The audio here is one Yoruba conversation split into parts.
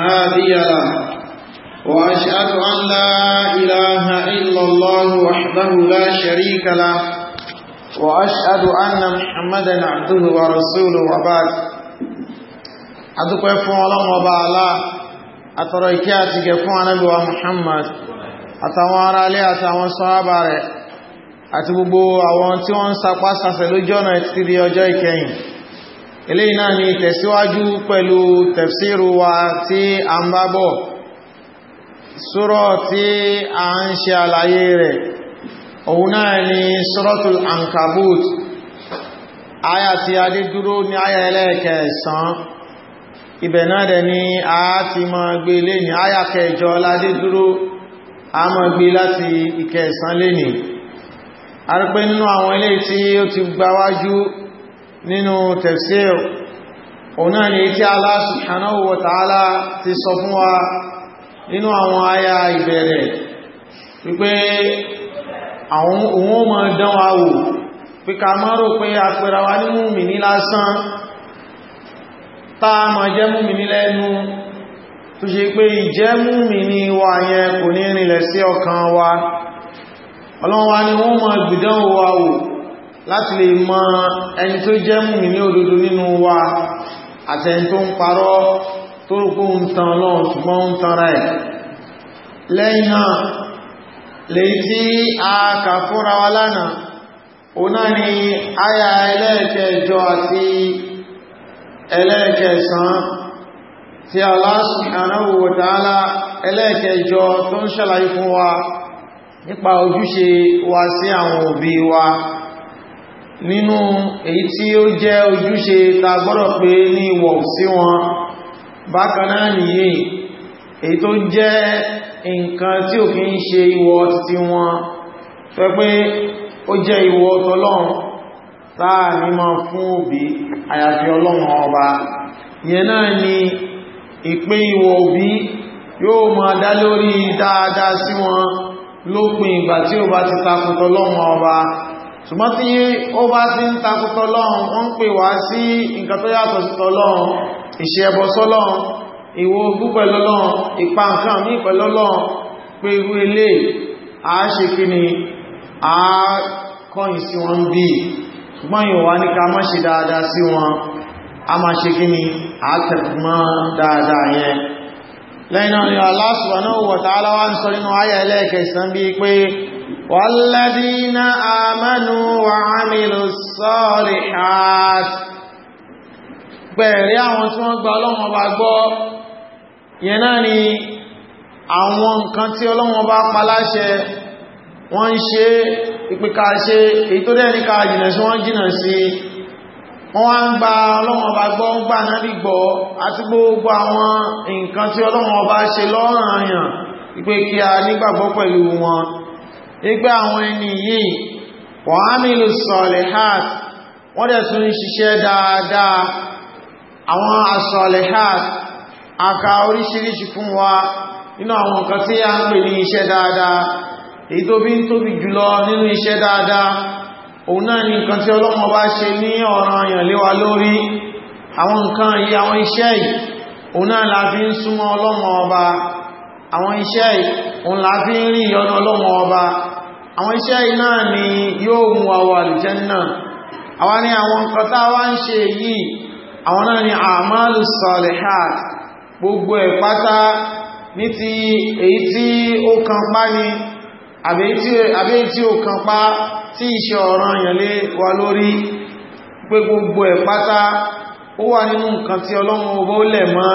هادي له وأشهد أن لا إله إلا الله وحده لا شريك له وأشهد أن محمد عبده ورسوله وبعد أدوكو يفون الله وبعلا أترى إكياتك يفون نبي محمد أتوان علي أتوان صحابة أتبو àwọn tí wọ́n ń sapá sàfẹ̀ lójú ọ̀nà eléyìí náà ni tẹ̀síwájú pẹ̀lú tafsiru wa tí a ń bá bọ̀ súrọ̀ tí a ń ṣe àlàyé rẹ̀ òun náà ni suratul ankabut aya tí a dé dúró ní aya ẹlẹ́ẹ̀kẹsàn ibẹ̀ náà dẹ̀ ni a ti mọ́ gbé lé aya kẹjọ ládé dúró a mọ́ gbé láti ìkẹsàn lé ní nínú tafsir ọ̀nà ni tí Allah subhanahu wa ta'ala ti sọ fún wa nínú àwọn aya ìbẹ̀rẹ̀ wípé àwọn òun mọ̀ dán wa wò pé ká má rò pé àpẹra wa ní mùmínì lásán táà ma jẹ́ mùmínì lẹ́nu tó ṣe pé ìjẹ́ mùmínì wa yẹn kò ní rìnlẹ̀ sí ọkàn wa ọlọ́wọ́ ni wọ́n mọ̀ gbìdán wa wò láti lè mọ ẹni tó jẹ́ mùmínì òdodo nínú wa àtẹni tó ń parọ́ tó rúkú ń tan lọ́n ṣùgbọ́n ń tan rẹ̀ lẹ́yìn náà lè tí a kà fúnra wa lánàá ọ̀nà ni àyà ẹlẹ́ẹ̀kẹjọ àti ẹlẹ́ẹ̀kẹsàn tí Allah subhanahu wa sí àwọn òbí wa nínú èyí tí ó jẹ́ ojúṣe ta gbọ́dọ̀ pé ní ìwọ̀ sí wọn bákan náà nìyí èyí tó jẹ́ nǹkan tí ò kí ń ṣe ìwọ̀ sí wọn tó pé ó jẹ́ ìwọ̀ tọ́lọ́run táà ní máa fún òbí àyàfi ọlọ́run ọba yẹn náà ni ìpín ìwọ̀ òbí yóò máa dá lórí dáadáa sí wọn lópin ìgbà tí ó bá ti takùtọ̀ ọba ṣùgbọ́n tí ó bá sí ń takútọ́ lọ́run wọ́n ń pè wá sí nǹkan tó yàtọ̀ sí tọ́lọ́run ìṣẹ́ ẹbọ sọ́lọ́run ìwò ogún pẹ̀lọ́lọ́run nǹkan mí pẹ̀lọ́lọ́run pé irú ilé a ṣe kí ni a kọ́yìn sí wọn bí a má ṣe kí ni a tẹ̀kùmọ́ dáadáa yẹn lẹ́yìn náà ni Allah subhanahu wa ta'ala والذين آمنوا وعملوا الصالحات bẹ̀rẹ̀ àwọn tí wọ́n gba ọlọ́wọ́n bá gbọ́ yẹn náà ni àwọn nǹkan tí ọlọ́wọ́n bá paláṣẹ wọ́n ń ṣe ìpìkà ṣe èyí tó dẹ̀ níka jìnà sí wọ́n jìnà sí wọ́n wá ń gba ọlọ́wọ́n bá gbọ́ ń gbà náà gbọ́ àti gbogbo àwọn nǹkan tí ọlọ́wọ́n bá ṣe lọ́rọ̀ àyàn ìpé kí a nígbàgbọ́ pẹ̀lú wọn igbá àwọn ẹni yìí wọ́n á mílù sọ̀lẹ̀hát wọ́n dẹ̀ tún ṣiṣẹ́ dáadáa àwọn asọ̀lẹ̀hát aka oríṣiríṣi fún wa nínú àwọn nǹkan tí a ń pè ní iṣẹ́ dáadáa èyí tó bí ń tóbi jùlọ nínú iṣẹ́ dáadáa òun náà ni nǹkan tí ọlọ́mọ bá ṣe ní ọ̀ràn àyàn lé lórí àwọn nǹkan yìí àwọn iṣẹ́ yìí òun náà la fi ń súnmọ́ ọlọ́mọ ọba àwọn iṣẹ́ òun la fi ń rí ìyọnu ọlọ́wọ́ ọba àwọn iṣẹ́ iná ni yóò mú àwọ àlùjánnà àwa ni àwọn nǹkan tá wá ń ṣe yìí àwọn náà ni àmàlù salihat gbogbo ẹ̀ pátá ní ti èyí tí ó kan pá ni àbí èyí tí ó kan pá tí iṣẹ́ ọ̀ràn ìyànlé wa lórí pé gbogbo ẹ̀ pátá ó wà nínú nǹkan tí ọlọ́run ọba ó lẹ̀ mọ́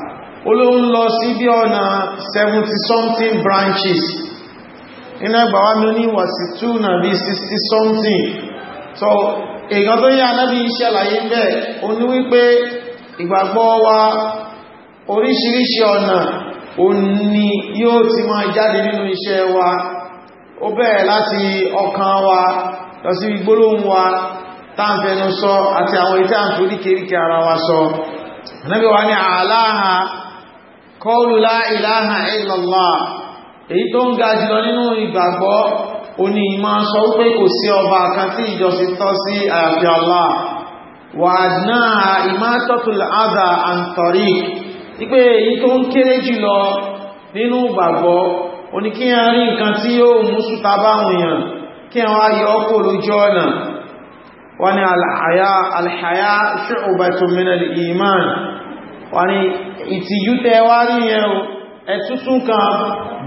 olóhun lọ sí bí ọ̀nà 70 something branches iná gbàwá mi ní wàsí 2 na bí 60 something so èyàn tó yá náà bí iṣẹ́ láyé bẹ́ o ní wípé ìgbàgbọ́ wa oríṣiríṣi ọ̀nà o ní yóò ti máa jáde nínú iṣẹ́ wa ó bẹ̀rẹ̀ láti ọkàn wa lọ sí gbólóhùn wa táàfẹ́nu sọ àti àwọn ìtàǹfẹ́ oríkèríkè ara wa sọ Ànábì wa ní àláha kọlu láìláha ìlàlá èyí tó ń ga jùlọ nínú ìgbàgbọ́ oní ìmọ̀ sọ wípé kò sí ọba kan tí ìjọsìn tọ́ sí àyàfi Allah wà náà ìmátọ́tul adha àǹtọ̀rí wípé èyí tó ń kéré jùlọ nínú ìgbàgbọ́ oní kí a rí nǹkan tí yóò mú súta báwọn èèyàn kí a wá yọ ọkọ̀ lójú ọ̀nà wọ́n ni alhaya shu'batun min al-iman wọ́n ni ìtìjú tẹ wá rí yẹn ẹ̀tútún kan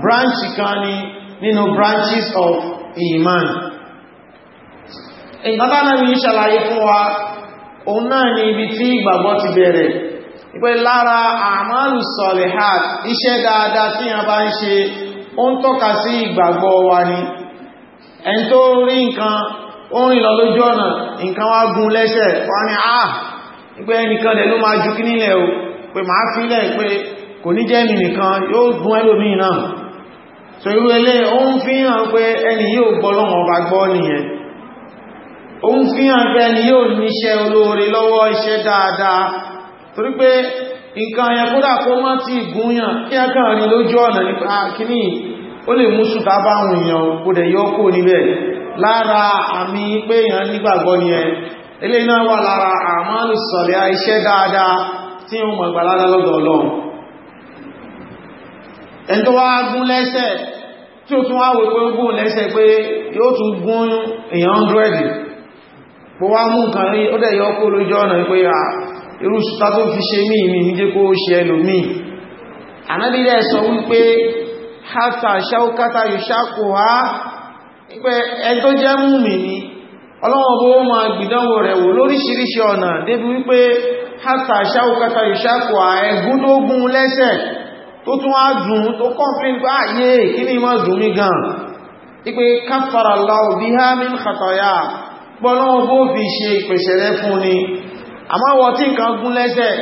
branch kan ni nínú branches of iman ìgbàbá náà ní ṣàlàyé fún wa òun náà ni ibi tí ìgbàgbọ́ ti bẹ̀rẹ̀ ìpé lára àmàlù sọ̀lẹ̀hàt iṣẹ́ dáadáa tí a bá ń ṣe ó ń tọ́ka sí ìgbàgbọ́ wa ni ẹn tó rí nǹkan ó rìn lọ lójú ọ̀nà nǹkan wá gún lẹ́sẹ̀ wá ní àà ah! ìpé ẹnìkan lẹ̀ máa jù kí nílẹ̀ o pé máa fílẹ̀ pé kò ní jẹ́ mi nìkan yóò gún ẹlòmí náà so irú ẹlẹ́ o ń fi hàn pé ẹni yóò gbọ́lọ́wọ́ ọba gbọ́ nìyẹn o ń fi hàn pé ẹni yóò níṣẹ́ olóore lọ́wọ́ iṣẹ́ dáadáa torí pé nǹkan yẹn kódà kó mọ́ ti gúnyàn kí ẹ kàn rí lójú ọ̀nà nípa ah, kíní ó lè mú sùtá bá àwọn èèyàn kó dẹ̀ yọ kó níbẹ̀ lára àmì pé èèyàn nígbàgbọ́ ni ẹ eléyìí náà wà lára àmàlù sọ̀lẹ́ iṣẹ́ dáadáa tí ó mọ̀ ìgbàlára lọ́dọ̀ ọlọ́run ẹni tó wá gún lẹ́sẹ̀ tí ó tún wá pé ó gún lẹ́sẹ̀ pé yóò tún gún èèyàn 100 bó wá mú nǹkan rí ó dẹ̀ kó lójú ọ̀nà pé irú tó fi ṣe mí mi níjé kó ṣe ẹlòmíì hátà ṣáukata ìṣàkò àẹgúndógún lẹ́sẹ̀ tó tún á dùn tó kọ́nfín pé àyè ah, kí ní mọ́ dùn mí gan ipé káfàrà láò bí há mi ń kàtàyà pọ́lọ́wọ́ bó fi ṣe ìpèsẹ̀rẹ́ fún ni àmáwọ̀ tí nǹkan gún lẹ́sẹ̀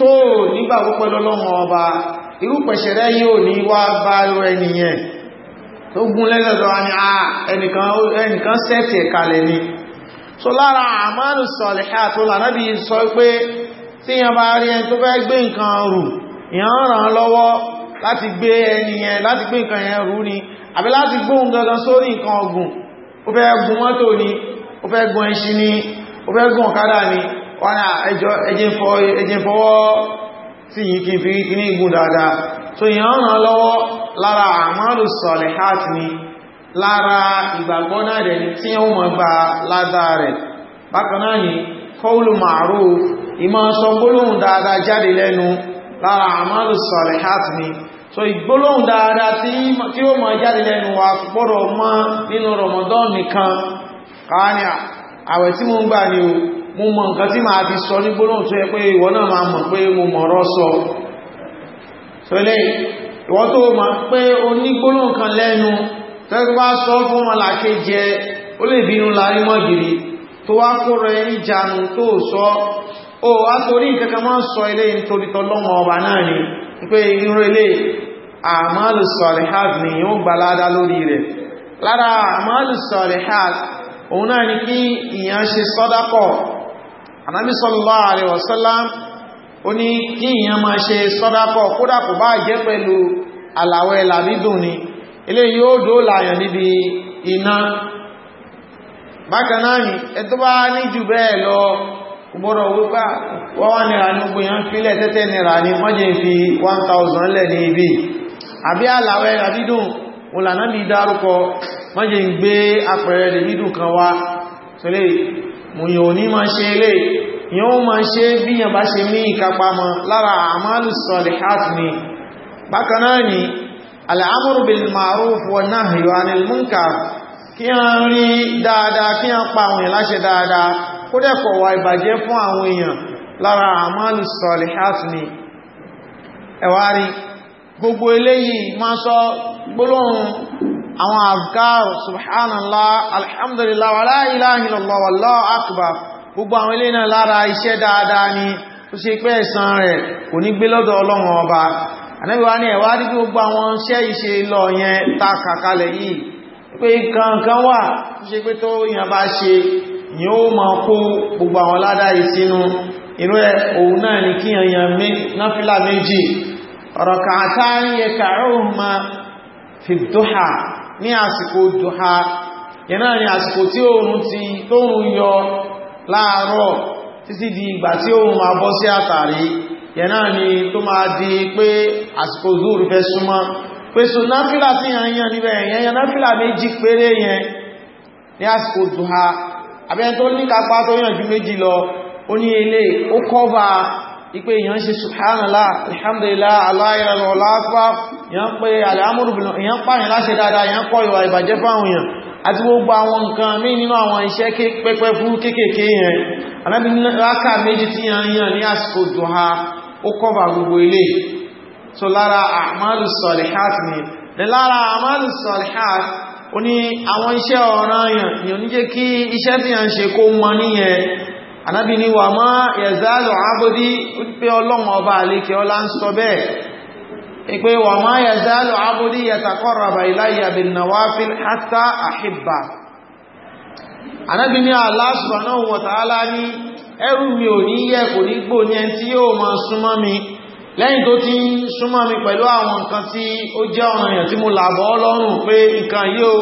tó nígbà púpẹ́ lọ́lọ́mọ ọba irú pẹ̀ṣẹ̀rẹ́ yóò ní wá bá ẹnìyẹn tó ah, ni so lára àmánù sọ̀lẹ̀há tó lànàbí sọ pé tí yàn bá rí ẹni tó fẹ́ gbé nǹkan rù yàn ràn lọ́wọ́ láti gbé ẹni yẹn láti gbé nǹkan yẹn rù ni àbí láti gbóhun gangan sórí nǹkan ọgùn ó fẹ́ gun mọ́tò ni ó fẹ́ gun ẹṣin ni ó fẹ́ gun ọ̀kadà ni wọ́n ẹjẹ́ fọwọ́ sí yìí kí n fi ní igun dáadáa so yàn ràn lọ́wọ́ lára àmánù sọ̀lẹ̀há ni lára ìgbàgbọ́ náà rẹ̀ ni tí ó mọ̀ gba ládá rẹ̀ bákanáà yìí kọlù màárù ìmọ̀ sọ gbólóhùn dáadáa jáde lẹ́nu lára àmàlù salihat ni so ìgbólóhùn dáadáa tí ó mọ̀ jáde lẹ́nu wa gbọ́dọ̀ mọ́ nínú Ramadan nìkan káàní àwẹ̀ tí mo ń gbà ní o mo mọ̀ nǹkan tí máa fi sọ ní gbólóhùn tó yẹ pé ìwọ náà máa mọ̀ pé mo mọ̀rọ̀ sọ ìwọ tó mọ̀ pé o kan lẹ́nu tẹ́gbẹ́ bá sọ fún wọn làké jẹ ó lè bínú lárí mọ́gìrì tó wá kóra ẹni jánu tó sọ ó wá torí nǹkankan máa sọ ilé nítorí tọ́lọ́wọ́ ọba náà ni pé irú ilé àmàlù sọ̀rìhàd ni yóò gbà ládá lórí rẹ̀ lára àmàlù sọ̀rìhàd òun náà ni kí ìyàn ṣe sọ́dápọ̀ Ànábì sallallahu alaihi wasallam ó ní ilé yóò dóòlà àyàn níbi iná bákanáà ní ẹ̀tọ́ bá ní jù bẹ́ẹ̀ lọ gbọ́dọ̀ wípá wọ́n wá nìra ní ogun yàn fílẹ̀ tẹ́tẹ́ nìra ní mọ́jẹ̀ fi 1000 lẹ̀ ní ibi àbí àlàwẹ́ àbídùn òlànà bí dárúkọ mọ́jẹ̀ ń gbé apẹ̀rẹ̀ lè ma ṣe ilé yóò ma ṣe ni al-amru bil ma'ruf wa nahyu 'anil munkar kí a rí dáadáa kí a pa àwọn èèyàn láṣẹ dáadáa kó dẹ̀kọ̀ wà ìbàjẹ́ fún àwọn èèyàn lára àmàlù salihat ni ẹ̀wà rí gbogbo eléyìí máa sọ gbólóhùn àwọn afghan subhanallah alhamdulillah wa la ilaha ànábì wa ní ẹ̀wà dí gbogbo àwọn iṣẹ́ ìṣe lọ yẹn ta kàkalẹ̀ yìí pé kankan wà tó ṣe pé tó yàn bá ṣe ni ó ma kó gbogbo àwọn ládá ìsinú inú ẹ̀ òun náà ni kí yàn náfílà méjì ọ̀rọ̀ kàtà ń yẹ kàrùn-ún fi di ìgbà tí oòrùn ma yẹn náà ni tó máa di pé àsìkò zúrù fẹ́ súnmọ́ pé so náfílà sí yẹn níbẹ̀ yẹn yẹn náfílà méjì péré yẹn ní àsìkò duha abẹ́yẹn tó ní kápá tó yàn ju méjì lọ ó ní ilé ó kọ́bà ipe èyàn ṣe subhanallah alhamdulillah aláìrànlọ́ ọlápá èyàn pé alhamdulillah èyàn pààyàn láṣẹ dáadáa èyàn kọ́ ìwà ìbàjẹ́ fáwọn èèyàn àti gbogbo àwọn nǹkan mí nínú àwọn iṣẹ́ ó kọ́bà gbogbo ilé so lára àmàlù sọ̀lẹ̀hát ni ní lára àmàlù sọ̀lẹ̀hát o ní àwọn iṣẹ́ ọ̀ranyàn ni o ní jẹ́ kí iṣẹ́ tí a ń ṣe kó mọ níyẹn anábì ni wà máa yẹ̀zálò ábódí pé ọlọ́run ọba àlékẹ́ ọlá ń sọ ẹrù mi ò ní yẹ kò ní gbò ní ẹni tí yóò máa súnmọ́ mi lẹ́yìn tó ti ń súnmọ́ mi pẹ̀lú àwọn nǹkan tí ó jẹ́ ọ̀ranyàn tí mo làbọ̀ ọlọ́run pé nǹkan yóò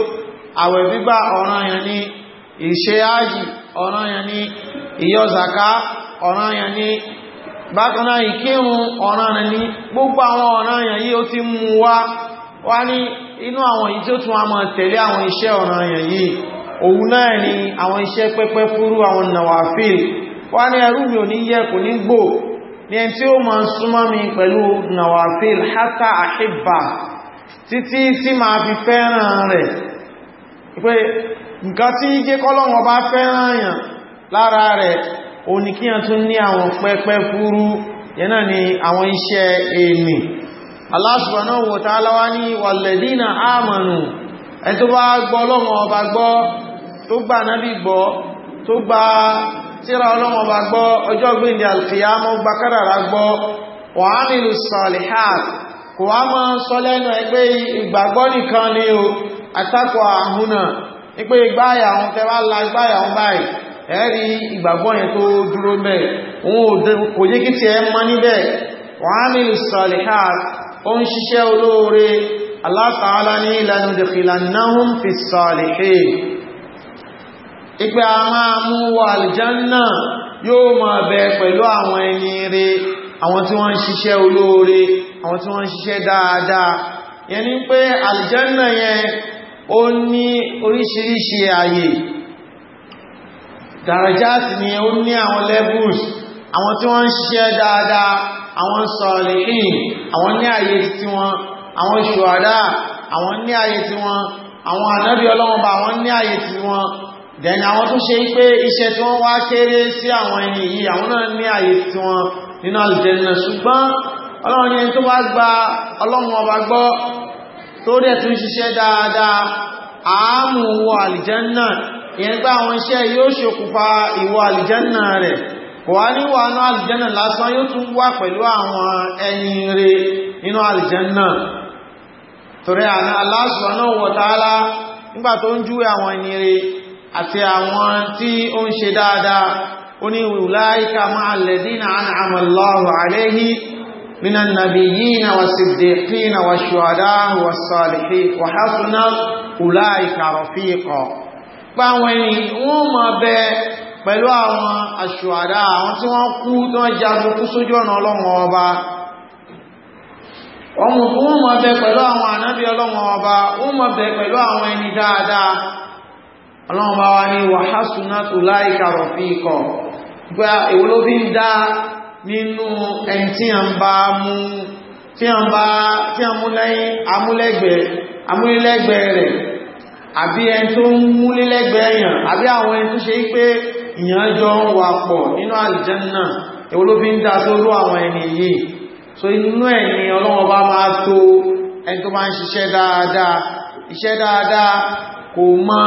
àwẹ̀ gbígbà ọ̀ranyàn ni ìṣe ájì ọ̀ranyàn ni ìyọzàká ọ̀ranyàn ni bákaná ìkírun ọ̀ranyàn ni gbogbo àwọn ọ̀ranyàn yìí ó ní inú náà wá ní ẹrú mi ò ní gbò ní tí ó ma ń súnmọ́ mi pẹ̀lú nawafil hata ahibba títí tí ma fi fẹ́ràn rẹ̀ pé nǹkan tí jẹ́ kọ́lọ́wọ́ bá fẹ́ràn lára rẹ̀ o ní kí yàn tún ní àwọn pẹ́pẹ́ fúrú yẹ́nà ni àwọn iṣẹ́ èmì tíra ọlọ́wọ́n bá gbọ́ ọjọ́ gbìndì alkiyamọ́ gbakárara gbọ́ wàhálìlú salihat kò wá mọ́ sọ lẹ́nu ẹgbẹ́ ìgbàgbọ́ nìkan ni o àtakọ̀ àhúnà ipé ìgbáyà àwọn tẹ́wà la ìgbáyà àwọn báyìí ẹ̀rí ìgbàgbọ́ yẹn tó dúró bẹ́ kò yé kí ti ẹ mọ́ ìpé a máa mú wọ àlìjánà yóò máa bẹ pẹ̀lú àwọn ẹni rẹ àwọn tí wọ́n ń ṣiṣẹ́ olóore àwọn tí wọ́n ń ṣiṣẹ́ dáadáa yẹn ni pé àlìjánà yẹn ó ní oríṣiríṣi àyè darajat ni ó ní àwọn levels àwọn tí wọ́n ń ṣiṣẹ́ dáadáa àwọn sọ̀rìn àwọn ní àyè tí wọ́n àwọn ṣùwádà àwọn ní àyè tí wọ́n àwọn ànábì ọlọ́wọ́n bá àwọn ní àyè tí wọ́n dẹni àwọn tó ṣe pé iṣẹ́ tí wọ́n wá kéré sí àwọn ẹni yìí àwọn náà ní àyè tí wọ́n nínú àlùjẹ́nà ṣùgbọ́n ọlọ́run yẹn tó bá gba ọlọ́run ọba gbọ́ tó dẹ̀ tún ṣiṣẹ́ dáadáa àámù wọ àlùjẹ́nà ìyẹn gbá àwọn iṣẹ́ yóò ṣokùnfà ìwọ àlùjẹ́nà rẹ̀ kò wá ní wà ní àlùjẹ́nà àti àwọn tí ó ń ṣe dáadáa ó ní ulaika ma'a alladhina an'ama Allahu alayhim minan nabiyyina was-siddiqina wash-shuhada'i was-salihin wa hasuna ulaika rafiqa páwọn ẹni wọ́n mọ̀ bẹ pẹ̀lú wọ́n mọ̀ bẹ pẹ̀lú àwọn ànábì ọlọ́run ọba wọ́n mọ̀ bẹ pẹ̀lú àwọn ẹni dáadáa ọlọ́run bá wá ní wàhásùnà tó láìka rọ̀fíkọ̀ gba èwo ló fi ń dá nínú ẹni tí a ń bá mú tí a ń bá tí a mú lẹ́yìn amúlẹ́gbẹ̀ẹ́ amúlẹ́gbẹ̀ẹ́ rẹ̀ àbí ẹni tó ń múlẹ́gbẹ̀ẹ́ èèyàn àbí àwọn ẹni tó ṣe pé ìyàn jọ ń wà pọ̀ nínú àlìjẹ́nà èwo ń dá tó rú àwọn ẹni yìí so inú ẹ̀ ni ọlọ́run bá máa tó ẹni tó bá ń ṣiṣẹ́ dáadáa iṣẹ́ dáadáa kò mọ́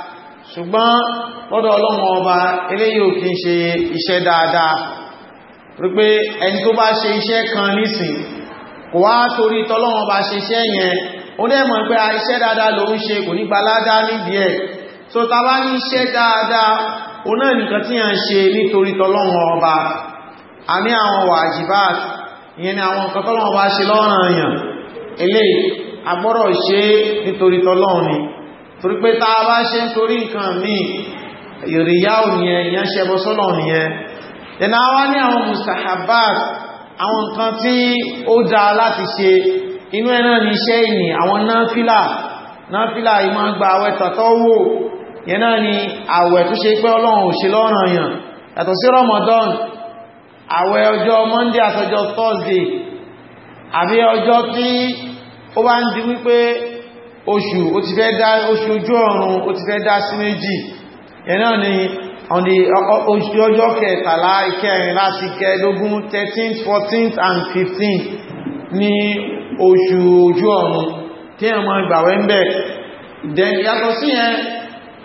ṣùgbọ́n lọ́dọ̀ ọlọ́run ọba eléyìí ò kí ń ṣe iṣẹ́ dáadáa wípé ẹni tó bá ṣe iṣẹ́ kan nísìn kò wá torí tọ́lọ́run ọba ṣe iṣẹ́ yẹn ó dẹ̀ pé iṣẹ́ dáadáa ló ń ṣe kò ní gbaládá nídìí ẹ̀ so ta bá ní iṣẹ́ dáadáa ó náà nìkan tí a ń ṣe nítorí tọ́lọ́run ọba àmì àwọn wàjìbáàt ìyẹn ni àwọn nǹkan torí pé tá a bá ṣe ń torí nǹkan míì ìrìyá òníyàn ìyàn ṣẹbọ sọ́nà òníyàn ẹ̀nà wá ní àwọn mustahabat àwọn nǹkan tí ó dá láti ṣe inú ẹ̀nà ní iṣẹ́ ìní àwọn náfílà náfílà ìmọ̀ gba àwẹ̀ wò Thursday àbí ọjọ́ tí ó bá ń di wípé oṣù ó ti fẹ́ dá oṣù ojú ọ̀run ó ti fẹ́ dá sí méjì ẹ̀nà ni on the oṣù ọjọ́ kẹtàlá ìkẹrin láti kẹẹ̀dógún 13th 14th and 15th ní oṣù ojú ọ̀run tí ẹ̀ mọ́ ìgbàwẹ́ ń bẹ̀ then yàtọ̀ sí yẹn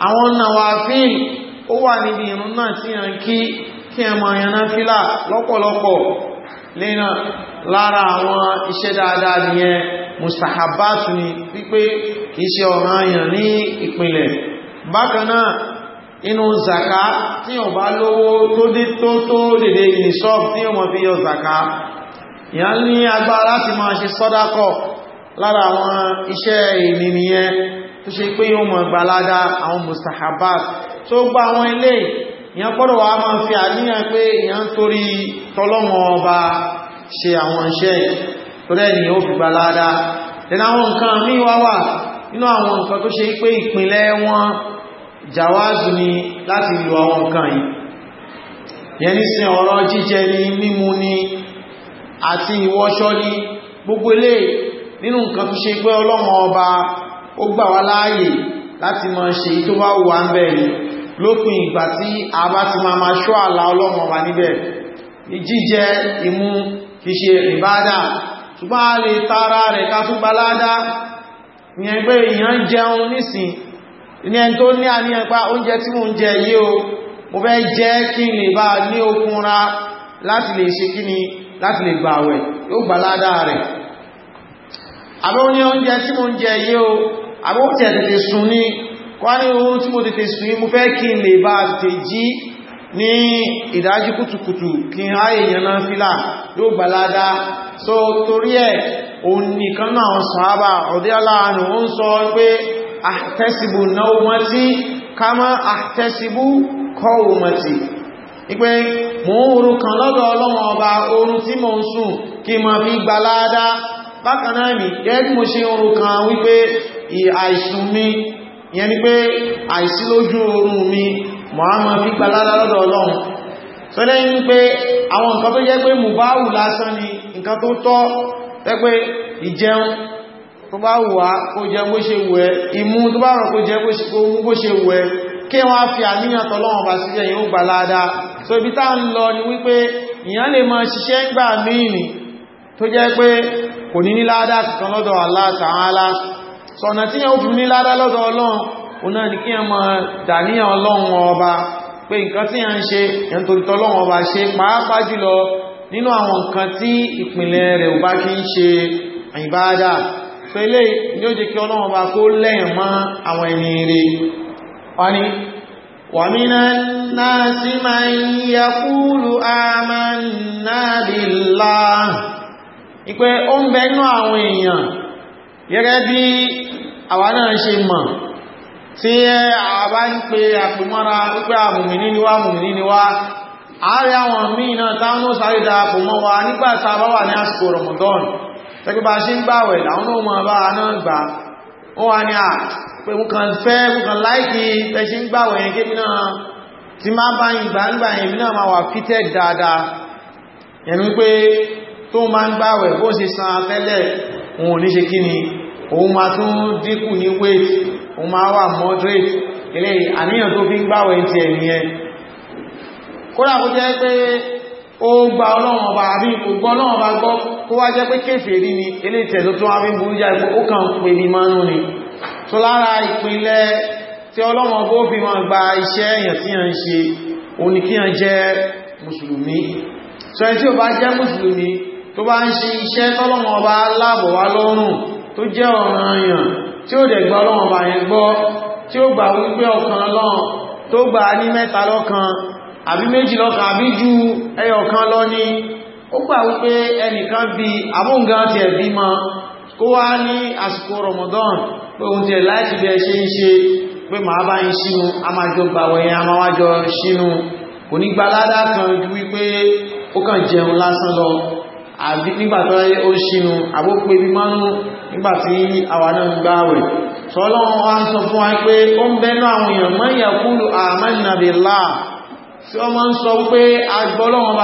àwọn náwà fíìn ó wà níbi ìrún náà tí yàn kí kí fílà lọ́pọ̀lọpọ̀ lẹ́nà lára àwọn iṣẹ́ dáadáa ni ẹ mustahabatu ni wípé kìí ṣe ọ̀ranyàn ní ìpìnlẹ̀ bákanáà inú zaka tí o bá lówó tó dé tó tó dèdè ìnìṣọ́b tí o mọ̀ fi yọ zaka ìyá ní agbára láti máa ṣe sọ́dákọ̀ lára àwọn iṣẹ́ ìnìyàn tó ṣe pé yóò mọ̀ gbalada àwọn mustahabat tó gba àwọn ilé ìyàn pọ́dọ̀ wà máa fi àníyàn pé ìyàn torí tọ́lọ́mọ ọba ṣe àwọn iṣẹ́ tó lẹ́ni ó fi gba ládá lẹ́nà àwọn nǹkan míì wá wà nínú àwọn nǹkan tó ṣe pé ìpínlẹ̀ wọn jàwázù ni láti lo àwọn nǹkan yìí yẹn ní ọ̀rọ̀ jíjẹ ni mímu ni àti ìwọṣọ ni gbogbo ilé nínú nǹkan tó ṣe pé ọlọ́mọ ọba ó gbà wá láàyè láti máa ṣe tó bá wù ń bẹ̀rẹ̀ lópin ìgbà tí a bá ti máa máa ṣọ́ àlà ọlọ́run ọba níbẹ̀ jíjẹ ìmú kì í ṣe ìbádà ṣùgbọ́n a lè tara rẹ̀ ká tún gbaládá ìyẹn pé èèyàn jẹun nísìn ní ẹni oúnjẹ tí mo ń jẹ yí o mo ni láti lè gbà àwẹ̀ yóò gbaládá rẹ̀ àbẹ́ oúnjẹ tí mo ń jẹ yí o àbẹ́ ní kọ́ ní ohun tí mo tètè sùn mú fẹ́ kí n lè bá tètè jí ní ìdájí kùtùkùtù kí n ráyè yànnà fílà yóò gbàládá so torí ẹ̀ òun nìkan náà sàábà ọ̀dẹ́lá ànù ó ń sọ pé àtẹ́sìbù náà wọ́n tí ká má àtẹ́sìbù kọ́wù mọ̀tí ipé mò ń orú kan lọ́dọ̀ ọlọ́wọ́ ọba oorun ìyẹn ni pé àìsí lójú oorun mi mọ̀hámọ́ pípa lára lọ́dọ̀ ọlọ́run tó lẹ́yìn ni pé àwọn nǹkan tó jẹ́ pé mù bá wù lásán ni nǹkan tó tọ́ pẹ́pẹ́ ìjẹun tó bá wù á kó jẹ bó ṣe wù ẹ́ ìmú tó bá rọ̀ kó jẹ bó ṣe wù ẹ́ kí wọ́n fi àníyàn tọ́lọ́run bá sílẹ̀ yóò gbà láadáa so ibi tá ń lọ ni wípé ìyàn lè máa ṣiṣẹ́ gbà míì nì tó jẹ́ pé kò ní ní láadáa kankan lọ́dọ̀ Allah Ta'ala sọ̀nà tí yẹn ó fi ní ládá lọ́dọ̀ ọlọ́run o náà ní kí yẹn mọ̀ dàníyàn ọlọ́run ọba pé nǹkan tí yẹn ń ṣe yẹn tó tọ́ ọlọ́run ọba ṣe pàápàá jùlọ nínú àwọn nǹkan tí ìpìnlẹ̀ rẹ̀ ò bá kí ń ṣe ìbáadà pé ilé ni ó jẹ́ kí ọlọ́run gẹ́gẹ́ bí àwa náà ṣe mọ̀ tí àbá ń pe àpòmọ́ra wípé àmùmìní ni wá àmùmìní ni wá ààrẹ àwọn míì náà táwọn ó sáré darapọ̀ mọ́ wa nígbà tá a bá wà ní àsìkò Ramadan tẹ́gbẹ́ bá ṣe ń gbàwẹ̀ láwọn ọmọ bá náà gbà wọ́n wá ní à pé mú náà tí bá fitted dáadáa yẹnu pé tó máa ń gbàwẹ̀ wọn ò ní ṣe kí ni òun máa tún dínkù ní weight òun máa wà moderate ilé àníyàn tó fi ń gbáwẹ̀ ti ẹ̀mí ẹ kódà kó jẹ́ pé ó gba ọlọ́run ọba àbí kò gbọ́ kó wá jẹ́ pé kéfèrí ni ilé ìtẹ̀sọ́ tó wá fi ń burú jà pé ó kàn pè ní mánú ni tó lára ìpínlẹ̀ tí ọlọ́run ọba ó fi máa gba iṣẹ́ èèyàn tí yàn ń ṣe òun kí yàn jẹ́ mùsùlùmí tó bá ń ṣe iṣẹ́ tọ́lọ́wọ́ ọba láàbọ̀ wá lọ́rùn tó jẹ́ ọ̀ràn àyàn tí ó dẹ̀ gbọ́ ọlọ́wọ́ ọba yẹn gbọ́ tí ó gbà wípé ọ̀kan lọ́n tó gbà ní mẹ́ta lọ́kan àbí méjì lọ́kan àbí ju ẹyọ̀kan lọ ní ó gbà wípé ẹnìkan bí amóǹgá ti ẹ̀bí mọ kó wá ní àsìkò Ramadan pé òun láti bí ṣe ń ṣe pé màá bá ń ṣínú a máa jọ gbàwẹ̀ yẹn a máa wájọ ṣínú kò ní gbaládá kan ju wípé ó kàn jẹun lásán lọ àbí nígbàtọ́ ó ṣínú àbópé bí mánú nígbàtí àwà náà ń gbáwẹ̀ sọ́lọ́wọ́n wá ń sọ fún wa pé ó ń bẹ́nú àwọn èèyàn mọ́yà kúrò amanna billah tí ó máa ń sọ pé agbọ́lọ́wọ́n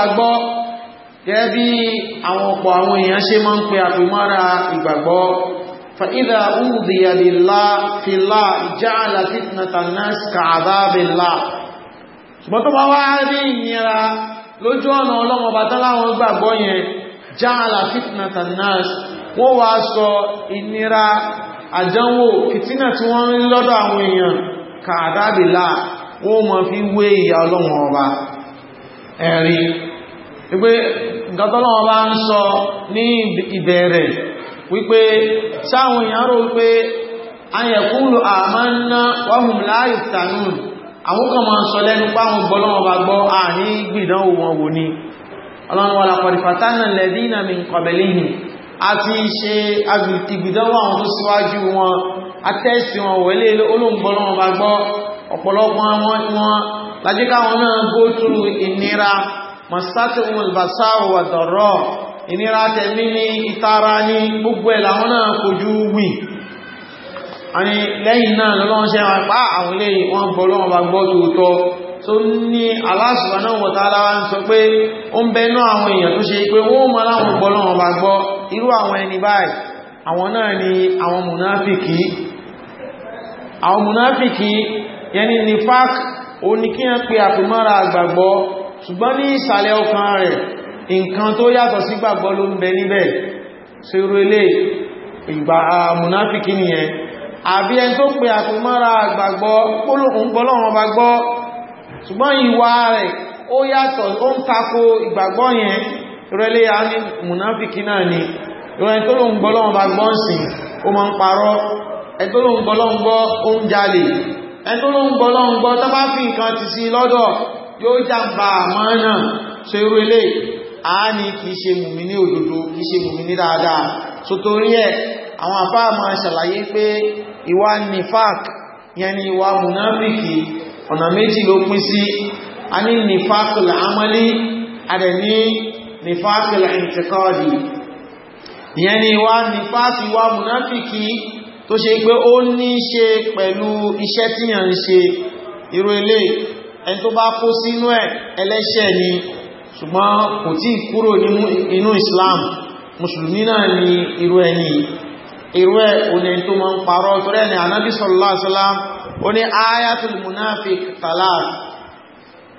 bá lójú ọ̀nà ọlọ́mọba tán láwọn gbàgbọ́ yẹn jáàlá fitnatan nas wọ́n wá sọ ìnira àjánwò fìtínà tí wọ́n rí lọ́dọ̀ àwọn èèyàn kàdábìlá wọ́n mọ̀ fi wé ìyà ọlọ́run ọba ẹ̀rí wípé nǹkan tọ́lọ́run bá ń sọ ní ìbẹ̀rẹ̀ wípé sáwọn èèyàn rò wípé ayẹ̀kúrò àmánná wahum ọlọ́run wà lápọ̀ ìfàtánà lẹ́dínà mi kọ̀bẹ̀lẹ́hìn àti ṣe agbìtìgbìdánwò àwọn tó síwájú wọn atẹ́sì wọn wẹ̀lé olóǹgbọ́nà ọba gbọ́ ọ̀pọ̀lọpọ̀ wọn lájíká wọn náà go through ìnira masátì olùbásáwò àtọ̀rọ̀ ìnira tẹ̀mí ní ìtara ní gbogbo ẹ̀ làwọn náà kojú wì àni lẹ́yìn náà lọ́lọ́run ṣe wọn pa àwọn ilé wọn gbọ́ tó ní Allah subhanahu wa ta'ala ń sọ pé ó ń bẹ náà àwọn èèyàn tó ṣe pé wọ́n mọ́ láwọn gbọ́ lọ́wọ́ bá gbọ́ irú àwọn ẹni báyìí àwọn náà ni àwọn mùnáfìkì àwọn mùnáfìkì yẹni ni fák o ní kí wọ́n pe àpòmọ́ra àgbàgbọ́ ṣùgbọ́n ní ìsàlẹ̀ ọkàn rẹ̀ nǹkan tó yàtọ̀ sí gbàgbọ́ ló ń bẹ níbẹ̀ ṣe irú ìgbà mùnáfìkì nìyẹn àbí ẹni tó pe àpòmọ́ra àgbàgbọ́ pólòkùn gbọ́lọ́wọ́n bá gbọ́ ṣùgbọ́n ìwà rẹ̀ ó yàtọ̀ ó ń tako ìgbàgbọ́ yẹn ìrẹ́lẹ́ ya ní mùnáfíkì náà ni ìrẹ́ tó lóun gbọ́lọ́un bá gbọ́n sí ó máa ń parọ́ ẹ tó lóun gbọ́lọ́un gbọ́ ó ń jalè ẹ tó lóun gbọ́lọ́un gbọ́ nifak yẹn ni ìwà mùnáfíkì ọ̀nà méjì ló pín sí a ní nifakul amali a dẹ̀ ní nifakul intikadi ìyẹn ni wá nifasi wá munafiki tó ṣe pé ó ní ṣe pẹ̀lú iṣẹ́ tí yàn ń ṣe irú ilé ẹni tó bá kó sínú ẹ̀ ẹlẹ́ṣẹ̀ ni ṣùgbọ́n kò tí kúrò nínú ni irú ẹni sallallahu ó ní ayatul munafik talat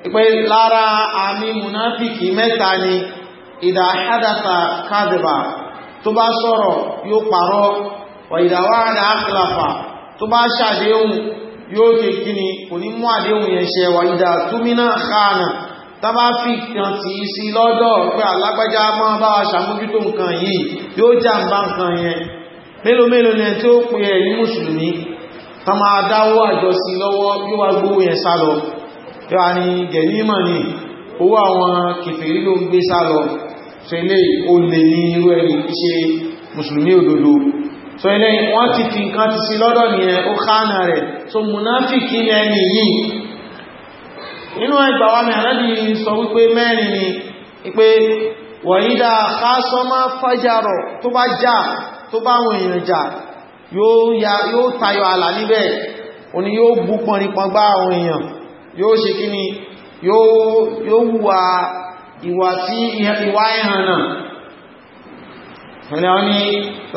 ìpé lára àmì munafiki mẹ́ta ni ìdá hadatha kadhiba tó bá sọ̀rọ̀ yóò parọ́ wà ìdá wa'ada akhlafa tó bá ṣàdéhùn yóò ṣe kíni kò ní mú àdéhùn yẹn ṣe wà ìdá túmínà khana tábá fi kàn tí í sí lọ́dọ̀ pé alágbájá máa bá ṣàmójútó nǹkan yìí yóò jàǹbá nǹkan yẹn mélòó mélòó ni tí ó pè ẹ̀yìn mùsùlùmí tán máa dáwó àjọsí lọ́wọ́ yóò wá gbówó yẹn sá lọ yóò ní gẹ̀nímọ̀ ní owó àwọn kèfèrí ló ń gbé sá lọ so ilé o lè ní irú ẹni iṣẹ́ mùsùlùmí òdodo so ilé wọ́n ti fi nǹkan ti sí lọ́dọ̀ nìyẹn ó kánà wa mẹ́rin rẹ́dì sọ wípé mẹ́rin ni pé wọ̀nyídà kásọ́má fájárọ̀ tó bá yóò tayọ àlà níbẹ̀ o ni yóò bú pọnripọn gbá àwọn èèyàn yóò ṣe kí ni yóò wùwà ìwà tí ìwà ẹ̀hànà ẹ̀lẹ́ wọn ni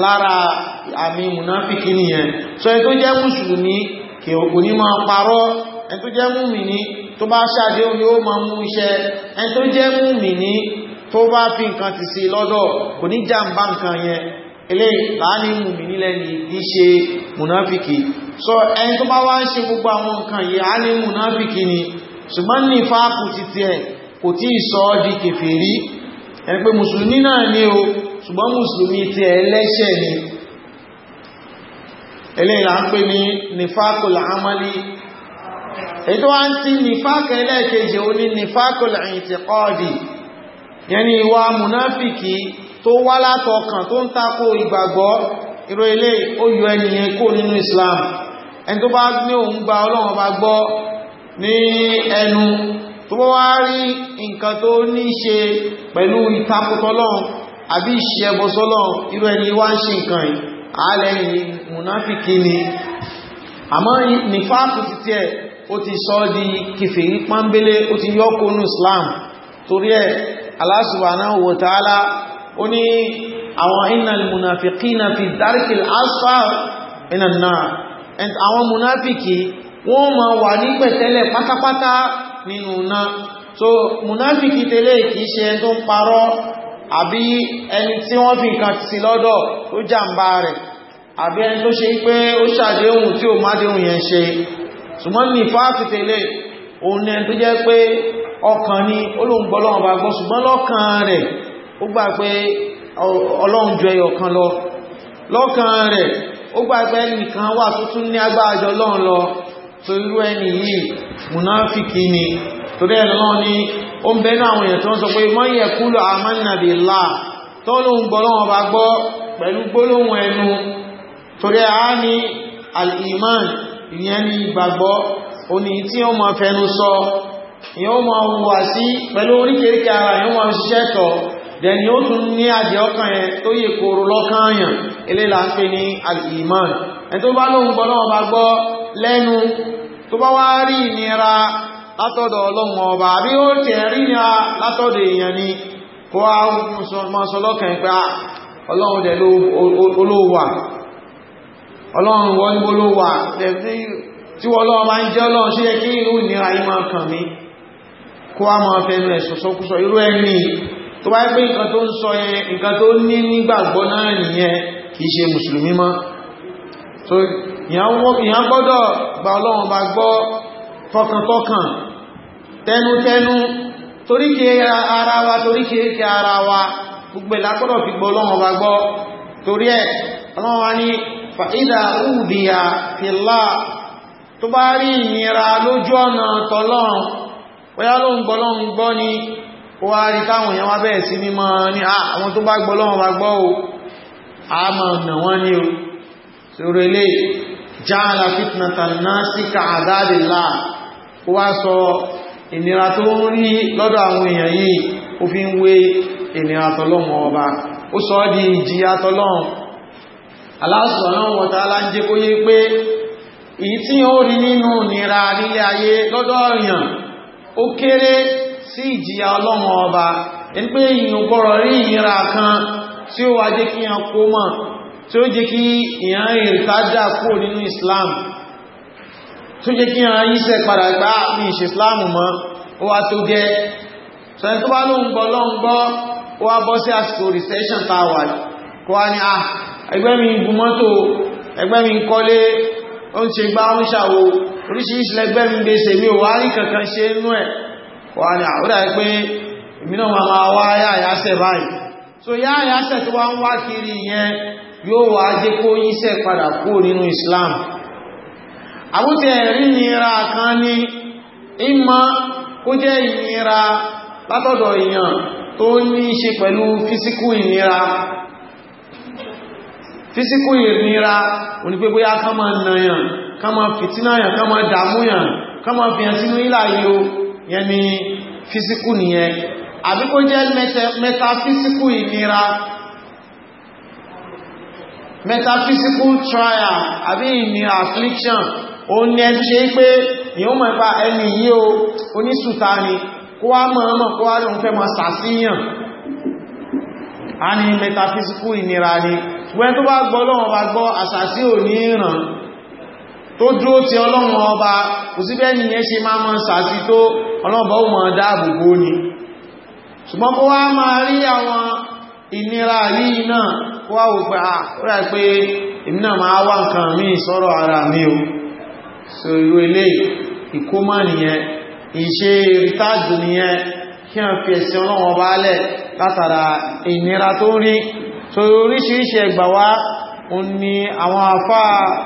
lára àmì mùnáfíkì nìyẹn so ẹ tó jẹ́ mùsùlùmí kí òkú ní máa parọ́ ẹ tó jẹ́ mùmìní tó bá ṣàdé yóò máa mú iṣẹ́ ẹ tó jẹ́ mùmìní tó bá fi nǹkan ti sí lọ́dọ̀ kò ní jàǹbá nǹkan yẹn ilé láàánì mùmí nílẹ̀ ní í ṣe so ẹni tó bá wá ń ṣe gbogbo àwọn nǹkan yìí á ní mùnáfìkì ni ṣùgbọ́n ní fáàkù títí ẹ̀ kò tí ì sọ ọ́ di kèfèrí ẹni pé mùsùlùmí náà ní o ṣùgbọ́n mùsùlùmí ti ẹ̀ lẹ́ṣẹ̀ ni eléyìí là ń pè ní nífàkù làámálì èyí tó wá ń tí nífàkù ẹlẹ́ẹ̀kejì tó wá látọkàn tó ń takò ìgbàgbọ́ irú ilé ó ẹniyàn kó nínú Islam ẹni tó bá ní òun gba Ọlọ́run bá gbọ́ ní ẹnu tó bá wá rí nǹkan tó ní ṣe pẹ̀lú ìtakùtọ́lọ́run àbí ìṣẹ́bọsọ́lọ́run irú ẹni wá ń ṣe nǹkan yìí àálẹ́yìn mùnáfìkì ni àmọ́ nífàákù ti tiẹ̀ ó ti sọ di kìfèrí pọ́nbélé ó ti yọ́kùnú Islam torí ẹ̀ Allah subhanahu wa ta'ala ó ní àwọn innal munafiqina fi darkil asfar iná náà àwọn munafiki wọ́n ma wà ní pẹ̀tẹ́lẹ̀ pátápátá nínú náà so munafiki tẹ́lẹ̀ kìí ṣe ẹni tó ń parọ́ àbí ẹni tí wọ́n fi nǹkan sí lọ́dọ̀ tó jàǹbá rẹ̀ àbí ẹni tó ṣe pé ó ṣàdéhùn tí ó mádéhùn yẹn ṣe ṣùgbọ́n ní fáàfi tẹ́lẹ̀ òun ẹni tó jẹ́ pé ọkàn ni ó lóun gbọ́lọ́wọ́n bá gbọ́ ṣùgbọ́n lọ́kàn rẹ̀ ó gbà pé ọlọ́run ju ẹyọ kan lọ lọ́kàn rẹ̀ ó gbà pé ẹnìkan wà tó tún ní agbára jọ ọlọ́run lọ tó irú ẹni yìí mùnáfíkì ni torí ẹ̀nà náà ni ó ń bẹ́nu àwọn èèyàn tó ń sọ pé mọ́ yẹ kúlò àmánàbì là tó lóun gbọ́ lọ́wọ́ bá gbọ́ pẹ̀lú gbólóhùn ẹnu torí a ní al-iman ìyẹn ní ìgbàgbọ́ oní tí ó mọ̀ fẹnu sọ ìyẹn ó mọ̀ hùwà sí pẹ̀lú oríkèríkè ara ìyẹn ó ṣiṣẹ́ tọ̀ dẹni ó tún ní àjẹ́ ọkàn yẹn tó yẹ kòrò lọ́kàn àyàn eléla ń pè ní al-iman ẹni tó bá lóhun gbọ́ lọ́wọ́ bá gbọ́ lẹ́nu tó bá wá rí ìnira látọ̀dọ̀ ọlọ́run ọba àbí ó tẹ̀ rí ìnira látọ̀dọ̀ èèyàn ni kó a mọ́ sọ lọ́kàn pé ah, ọlọ́run dẹ̀ olówà ọlọ́run wọ́n ní olówà tí wọ́n lọ́wọ́ máa ń jẹ́ ọlọ́run sí ẹ kí irú ìnira yìí máa kàn mí kó a máa fẹnu ẹ̀sùn sọkúsọ irú ẹni tó bá pé nǹkan tó ń sọ yẹn nǹkan tó ní nígbàgbọ́ náà nìyẹn kìí ṣe musulmi mọ́ so ìyàn gbọ́dọ̀ gba ọlọ́run bá gbọ́ tọkàntọkàn tẹnutẹnu torí ara wa torí kí ara wa gbogbo ìlàkọ́dọ̀ fi torí ẹ̀ ọlọ́run ní fàídà fìlà tó bá rí ìnira lójú ọ̀nà tọ́lọ́run bóyá ló ń ó wá rí táwọn èèyàn wá bẹ́ẹ̀ sí mímọ́ ní ah, àwọn tó bá gbọ́ lọ́wọ́ bá gbọ́ o a mọ̀ ọ̀nà wọ́n ní o sórí ilé jáàlá fitnatan náà sí kàádáàdìlá ó wá sọ ìnira tó ń rí lọ́dọ̀ àwọn èèyàn yìí ó fi ń wé ìnira sí ìjìyà ọlọ́run ọba ẹni pé ìyàn gbọ́rọ̀ rí kan tí ó wá kí ìyàn kó mọ̀ tí ó jẹ́ kí ìyàn ìrìtájà kó nínú Islam tó jẹ́ kí ìyàn yíṣẹ́ padà gbá ní ah, Islam mọ́ ó wá tó gẹ́ sọ́yìn a ah, mi bu mi ṣe gbá ò wá kankan ṣe wà ní àwúrà pé ìmìnà màmá wá yáyásẹ̀ báyìí so yáyásẹ̀ tó wá ń wá kiri yẹn yóò wá jẹ́ kó yíṣẹ́ padà kó nínú Islam àbútẹ̀ rí nira kan ní ìmọ̀ kó jẹ́ ìnira látọ̀dọ̀ èèyàn tó ní ṣe pẹ̀lú físíkù ìnira onípé bóyá ká máa nàyàn kama máa kama ká máa dàmúyàn máa yẹn ni físíkù nìyẹn àbí kó jẹ́ metafísíkù ìnira metaphysical trial àbí ìnira affliction ó ní ẹni ṣe pé ìyàn mọ̀ ẹ̀bá ẹni yí o onísùta ni kó wá mọ̀ ọmọ kó wá lè ń fẹ́ mọ̀ sàfihàn a ni metaphysical ìnira ni wẹ́n tó bá gbọ́ lọ́wọ́ bá gbọ́ àṣàsí ò ní ìràn tó dúró ti ọlọ́run ọba kò sí bẹ́ẹ̀ nìyẹn ṣe máa mọ́ sàásí tó ọlọ́bọ̀ ó mọ̀ dáàbò bó ni ṣùgbọ́n kó wá máa rí àwọn ìnira yìí náà kó wá wò pé àkúrà pé èmi máa wá nǹkan mí sọ̀rọ̀ ara mi o so irú ilé ìkómọ̀ nìyẹn ìṣe ìrìtájù nìyẹn kí wọ́n fi ẹ̀sìn ọlọ́run ọba so oríṣiríṣi ẹgbà wá o ní àwọn àfá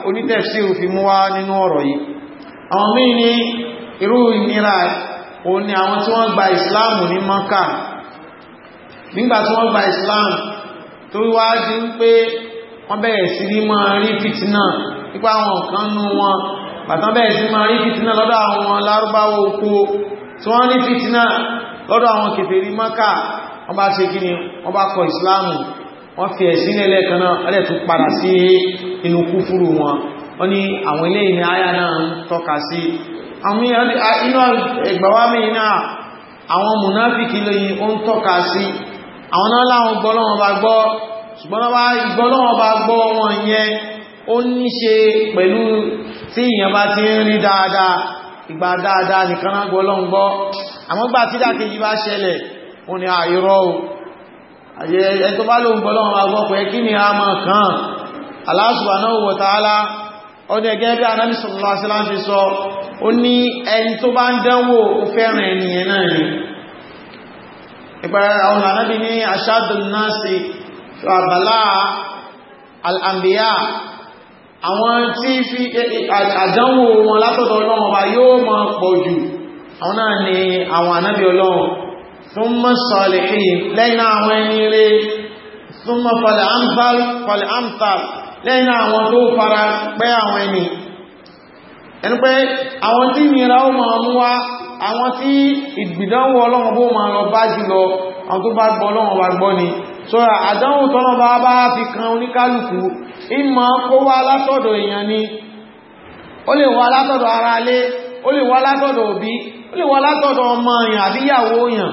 onítẹ̀síru fi mú wá nínú ọ̀rọ̀ yìí àwọn míì ní irú ìnira o ní àwọn tí wọ́n gba ìsìláàmù ní mọ́ká nígbà tí wọ́n gba ìsìláàmù tó wá di ń pé wọ́n bẹ̀rẹ̀ sí rí mọ́ rí fìtínà nípa àwọn kan nú wọn bàtán bẹ̀rẹ̀ sí mọ́ rí fìtínà lọ́dọ̀ àwọn lárúbáwó oko tí wọ́n rí fìtínà lọ́dọ̀ àwọn kèfèrí mọ́ká wọ́n bá ṣe kí ni wọ́n bá kọ ìsìláàmù wọ́n fi ẹ̀sìn lẹ́lẹ́ kan náà ọdẹ̀ tún padà sí inú kúfúrú wọn wọ́n ní àwọn ilé ìní àyà náà ń tọ́ka sí àwọn ah, iná ìgbàwámi náà àwọn mùnáfíkì lóyìn ó ń tọ́ka sí àwọn náà láwọn gbọ́lọ́wọ́n bá gbọ́ ṣùgbọ́n ìgbọ́lọ́wọ́n bá gbọ́ wọn ẹ tó bá ló ń gbọ́lọ́wọ́ agbọ́pẹ́ kí ni a mọ̀ kàn Allah subhanahu wa ta'ala ọdún ẹgẹ́ bí anábì sallallahu alaihi wasallam ti sọ ó ní ẹni tó àwọn nasi bala al-anbiya àwọn tí fi àdánwò wọn látọ̀dọ̀ ọlọ́run ọba yóò mọ̀ pọ̀ jù àwọn náà ni àwọn anábì ọlọ́run thumma salihin lẹ́yìn àwọn ẹni rẹ̀ thumma fal'amthal fal'amthal lẹ́yìn àwọn tó fara pẹ́ àwọn ẹni ẹni pé àwọn tí nira ó máa mú wá àwọn tí ìgbìdánwò ọlọ́run bó máa lọ bá jùlọ àwọn tó bá gbọ́ ọlọ́run bá gbọ́ ni sọ́ra àdánwò tọ́nà bá bá fi kan oníkálùkù ìmọ̀ kó wá látọ̀dọ̀ ó lè wá látọ̀dọ̀ ọmọ èèyàn àbíyàwó èèyàn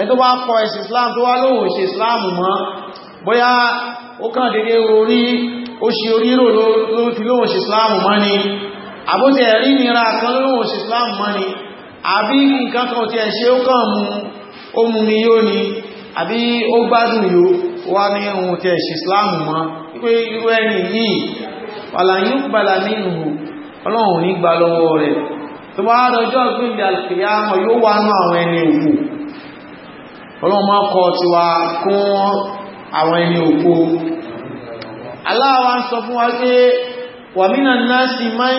ẹni tó bá kọ ẹ̀sìn islam tó wá lóhùn ṣe islam mọ́ bóyá ó kàn dédé orí ó ṣe orírò ló ṣe islam mọ́ ni àbótẹ̀ ẹ̀rí nira kan lóhùn ṣe islam mọ́ ni àbí nǹkan kan ti ẹ̀ṣẹ́ ó kàn mú ó mú ni yóò ni àbí ó gbádùn yóò wá ní ohun ti ẹ̀ṣẹ́ islam mọ́ pé irú ẹni yìí wàlàyé nínú ọlọ́run ní lọ́wọ́ rẹ̀ tó bá rọjọ́ gbìyànjú àlùkìyà yóò wá náà ẹni òkú ọlọ́run máa kọ tiwa kún àwọn ẹni òkú Allah ń sọ fún wa pé nasi man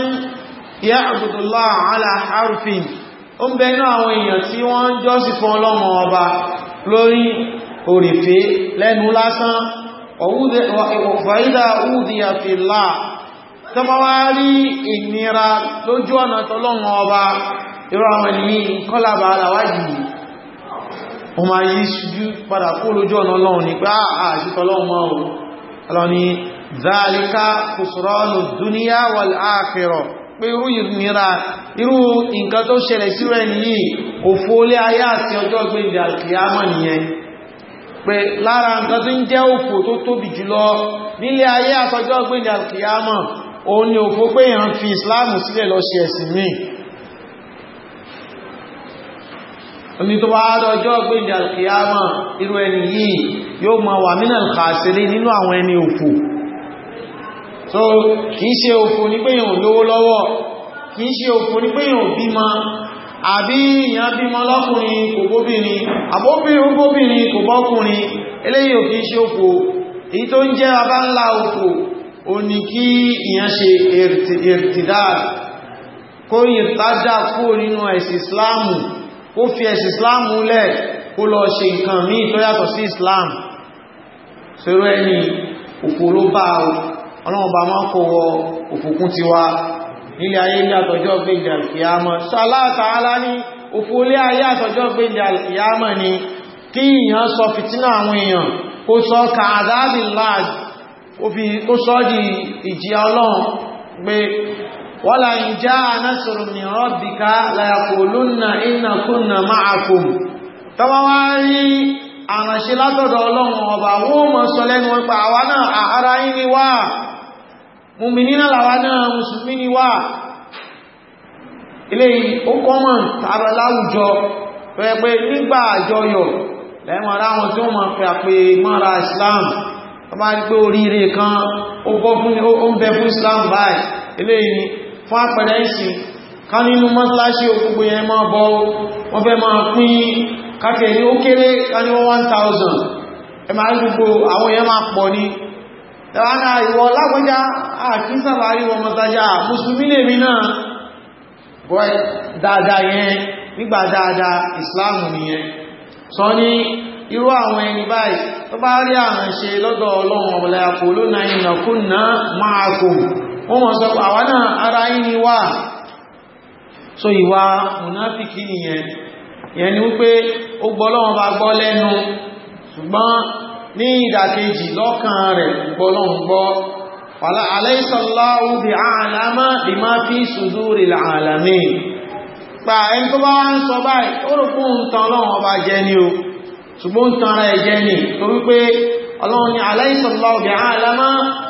ya'budu Allah ala harfin o ń bẹnú àwọn èèyàn tí wọ́n ń jọ́sìn fún ọlọ́run ọba lórí òrèfé lẹ́nu lásán fàídà fi ìnira lójú ọ̀nà tọ́lọ́run ọba àwọn ènìyàn o ma yí ṣújú padà kó lójú ọ̀nà ọlọ́run ní pé ah, ah, àṣìkọ́ ọlọ́run mọ́ ohun ọlọ́run ni zalika kùsùrọ́nù dúníyà wal akhirah pé irú ìnira irú nǹkan tó ṣẹlẹ̀ sí rẹ̀ nìyí òfò olé ayé àti ọjọ́ gbẹ̀ndẹ̀ alkiyama nìyẹn pé lára nǹkan tí ń jẹ́ òfò omi tó bá dọjọ́ gbéjà kìyàmà irú ẹni yìí yóò máa wà mínà kàṣírí nínú àwọn ẹni òfò so kìí ṣe òfò ní pé yàn lówó lọ́wọ́ kìí ṣe òfò ní pé yàn bímọ àbí ìyàn bímọ lọ́kùnrin kò bóbìnrin àbóbìnrin bóbìnrin kò bọ́kùnrin eléyìí ò kìí ṣe òfò èyí tó ń jẹ́ abá kó yìí tájá kúrò nínú ẹ̀sì Islamu ó fi ẹ̀sì islam múlẹ̀ ó lọ ṣe nǹkan ní tó yàtọ̀ sí islam ṣerú ẹni òfò ló bá ọlọ́ọ̀bá máa kó wọ òfòkún ti wá nílé ayé ní àtọjọ́ gbéjà kìyàmọ́ ni kí èèyàn sọ fìtínà àwọn èèyàn kó sọ kàádábìláàdì ó fi wala in jaa nasrun min rabbika la yaqulunna inna kunna ma'akum tọ́wọ́ wá rí àrànṣe látọ̀dọ̀ ọlọ́run ọba wọ́n mọ̀ sọ lẹ́nu wípa àwa náà ara yín ni wá mùmìnínà làwa náà mùsùlùmí ni wá ilé ó kọ́mọ̀ tààrà láwùjọ pẹ̀pẹ̀ nígbà àjọyọ̀ lẹ́wọ̀n ara wọn tí wọ́n fún àpẹẹrẹ ìsìn ká nínú mọ́sálásí òkúgbò yẹn máa bọ́ wọ́n fẹ́ máa pín kákẹ̀ ní ó kéré ká ní 1000 ẹ máa gbogbo àwọn èèyàn máa pọ̀ ní ẹwàná ìwọ̀ lágbọ́já àti sàbárí wọn mọ́sájá mùsùlùmí lè mi náà wọ́n dáadáa yẹn nígbà dáadáa ìsìláàmù nìyẹn sọ ní irú àwọn ẹni báyìí tó bá rí àrànṣe lọ́dọ̀ ọlọ́run ọ̀lẹ́ àpòlónà ìnàkúnnà máa kò wọ́n mọ̀ sọ pé àwọn náà ara yìí ni wà so ìwà mùnáfíkì nìyẹn yẹn ni wípé ó gbọ́ lọ́wọ́n bá gbọ́ lẹ́nu ṣùgbọ́n ní ìdàkejì lọ́kàn rẹ̀ gbọ́ lọ́wọ́n gbọ́ wàlá aláìsọ̀láwù ọlọ́run ni o ṣùgbọ́n ǹtan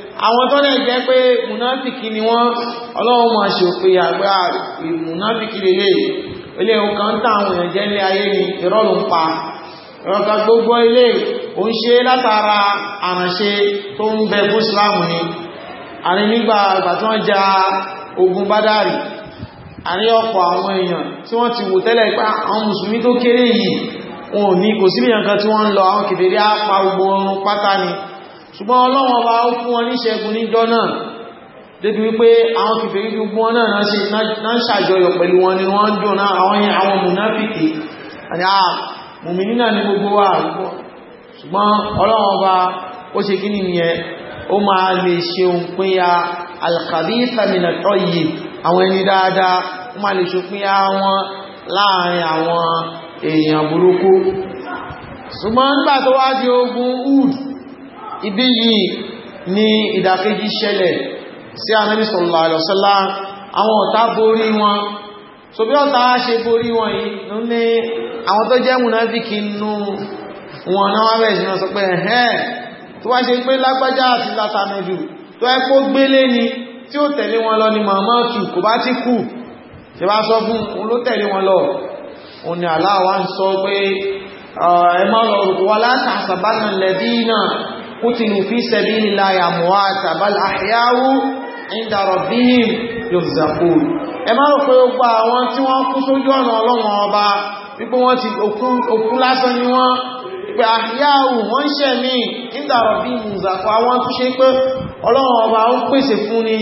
àwọn tó náà jẹ́ pé munafiki ni wọ́n ọlọ́run máa ṣe òpin àgbà munafiki lélẹ̀ ilé ọkàn táwọn èèyàn jẹ́ ní ayé ni ìrọ́lù ń pa ìrọ́ta gbogbo ilé ò ń ṣe látara àrànṣe tó ń bẹ fún ìsìláàmù ni àrí nígbà àgbà tí wọ́n ja ogun bádàrí àrí ọ̀pọ̀ àwọn èèyàn tí wọ́n ti wò tẹ́lẹ̀ pé àwọn mùsùlùmí tó kéré yìí wọn ò ní kò sí ìyànkan tí wọ́n ń lọ àwọn kèfèrè á gbogbo ọrùn pátá ni ṣùgbọ́n ọlọ́wọ́n ọba ó fún wọn níṣẹ́gun níjọ́ náà débi wípé àwọn kìfèrí gbogbo wọn náà náà ṣàjọyọ̀ pẹ̀lú wọn ni wọ́n ń dùn náà àwọn yẹn àwọn mùnáfìkì àti à ah, mùmìnì náà ní gbogbo wa ṣùgbọ́n ọlọ́wọ́n ọba ó ṣe kí nìyẹn ó máa lè ṣe òǹpinya al-khabitha min ẹni àwọn èèyàn burúkú ṣùgbọ́n nígbà tó wá di ogun Uhud ibi yìí ni ìdàkejì ṣẹlẹ̀ sí Ànábì sallallahu alaihi wasallam àwọn ọ̀tá borí wọn so bí ọ̀tá ṣe borí wọn yìí ní àwọn tó jẹ́ múnáfíkì nú wọn náà wá bẹ̀rẹ̀ sí sọ pé ẹ̀hẹ́n tó wá ṣe pé lágbájá àti látàmẹ́jù tó ẹ kó gbélé ni tí ó tẹ̀lé wọn lọ ni màmá tù kò bá ti kù ṣe bá sọ fún òun ló tẹ̀lé wọn lọ òun ni Allah ń sọ pé ẹ má lọ rùkú wa látàṣàbánà lẹ́dí náà قتلوا في سبيل الله أمواتا بل أحياء عند ربهم يرزقون ẹ máa rò pé ó gba àwọn tí wọ́n kú sójú ọ̀nà ọlọ́wọ́n ọba wípé wọ́n ti òkú lásán ni wọ́n pé àyáwù wọ́n ṣẹ̀ mí ìdàrọ̀ bí ìzàkọ́ àwọn tó ṣe pé ọlọ́wọ́n ọba ó pèsè fún ni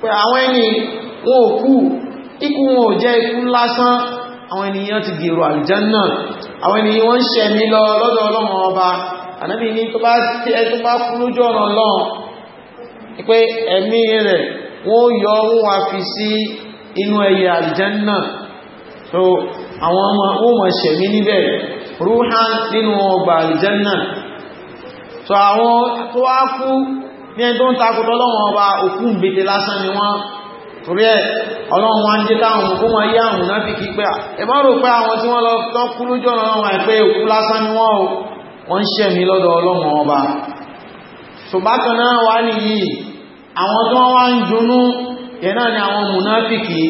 pé àwọn ànábì ní tó bá tí ẹtún bá kú lójú ọ̀nà lọ́n pé ẹ̀mí rẹ̀ wọ́n yọ wọ́n wá fi sí inú ẹyẹ àlìjẹ́nà so àwọn ọmọ ọmọ ṣẹ̀mí níbẹ̀ rúhán nínú ọgbà àlìjẹ́nà so àwọn tó wá kú ní ẹni tó ń takùtọ́ lọ́wọ́ ọba òkú ìgbètè lásán ni wọ́n torí ẹ̀ ọlọ́run wá jẹ́ táwọn kó wọ́n yí àwọn náà fi kí pé ẹ̀bá rò pé àwọn tí wọ́n lọ tọ́kú lójú ọ̀nà wọn ẹ̀ òkú lásán ni wọ́n o wọ́n ń ṣẹ̀mí lọ́dọ̀ ọlọ́run ọba ṣùgbákan náà wá nìyí àwọn tó wá ń dunú yẹn náà ni àwọn mùnáfìkì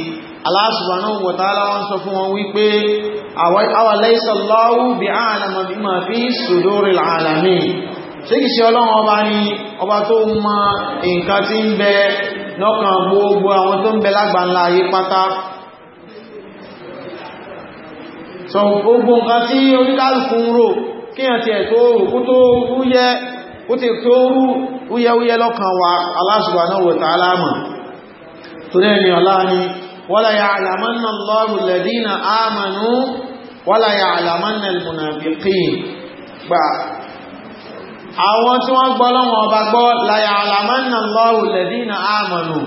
Allah subhanahu wa ta'ala wọ́n sọ fún wọn wípé awa laysa Allahu bi'alama bima fi suduril alamin ṣé kìí ṣe ọlọ́run ọba ni so gbogbo nǹkan tí oníkálùkù ń rò kíyàn ti ẹ̀tọ́ òkú tó rúyẹ́ ó ti tó rú úyẹ́úyẹ́ lọ́kàn wa Allah subhanahu wa ta'ala tó gbà àwọn tí wọ́n gbọ́ lọ́wọ́ ọba gbọ́ la ya'lamanna Allahu alladhina amanu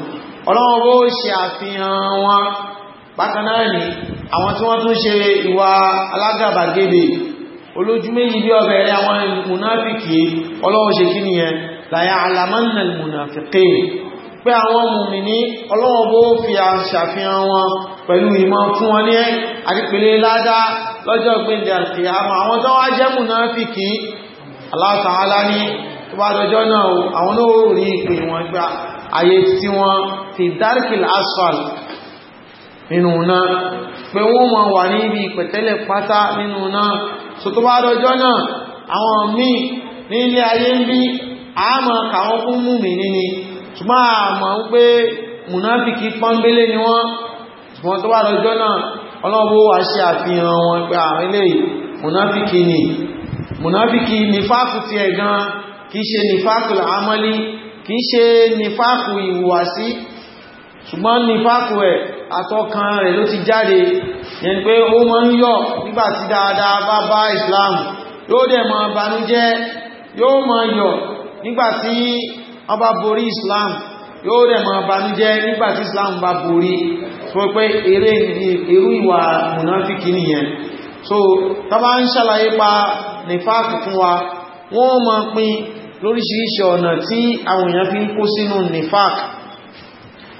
ọlọ́wọ́ bó ṣe àfihàn wọn bákanáà olójú méjì bí ọbẹ̀ rẹ̀ àwọn ìmúnáfikì ọlọ́wọ́ ṣe kí nìyẹn láyá alamanna ìmúnáfikì pé àwọn mùmìní ọlọ́wọ́ bó fi àṣàfihàn wọn pẹ̀lú ìmọ̀ fún wọn ní àdípele ládá lọ́jọ́ gbẹ̀ndẹ̀ àti àwọn tó wá jẹ́ múnáfikì Allah Ta'ala ní tó bá dọjọ́ náà àwọn náà rí ìpè wọn gba ayé tí wọ́n ti pátá nínú náà so tó bá dọjọ́ náà àwọn míì ní ilé ayé ń bí àmọ́ kàwọn fún mú mi níní ṣùgbọ́n àmọ́ ń pé mùnáfìkì pọ́nbélé ni wọ́n ṣùgbọ́n tó bá dọjọ́ náà ọlọ́wọ́ wà ṣe àfihàn wọn pé àwọn ilé mùnáfìkì ni mùnáfìkì ni fáàkù ti ẹ̀gan kìí ṣe ni fáàkù àmọ́lí kìí ṣe ni fáàkù ìhùwàsí àtọkàn rẹ̀ ló ti jáde yẹn pé ó mọ́ ń yọ̀ nígbàtí dáadáa bá bá Islam yóò dẹ̀ mọ́ banújẹ́ yóò mọ́ yọ̀ nígbàtí wọ́n bá borí Islam yóò dẹ̀ mọ́ banújẹ́ nígbàtí Islam bá borí so pé eré irú ìwà mùnáfíkì nìyẹn so tàbá ń ṣàlàyé pa nífàkì fún wa wọ́n mọ́ pín lóríṣiríṣi ọ̀nà tí àwọn fi ń kó sínú nífàkì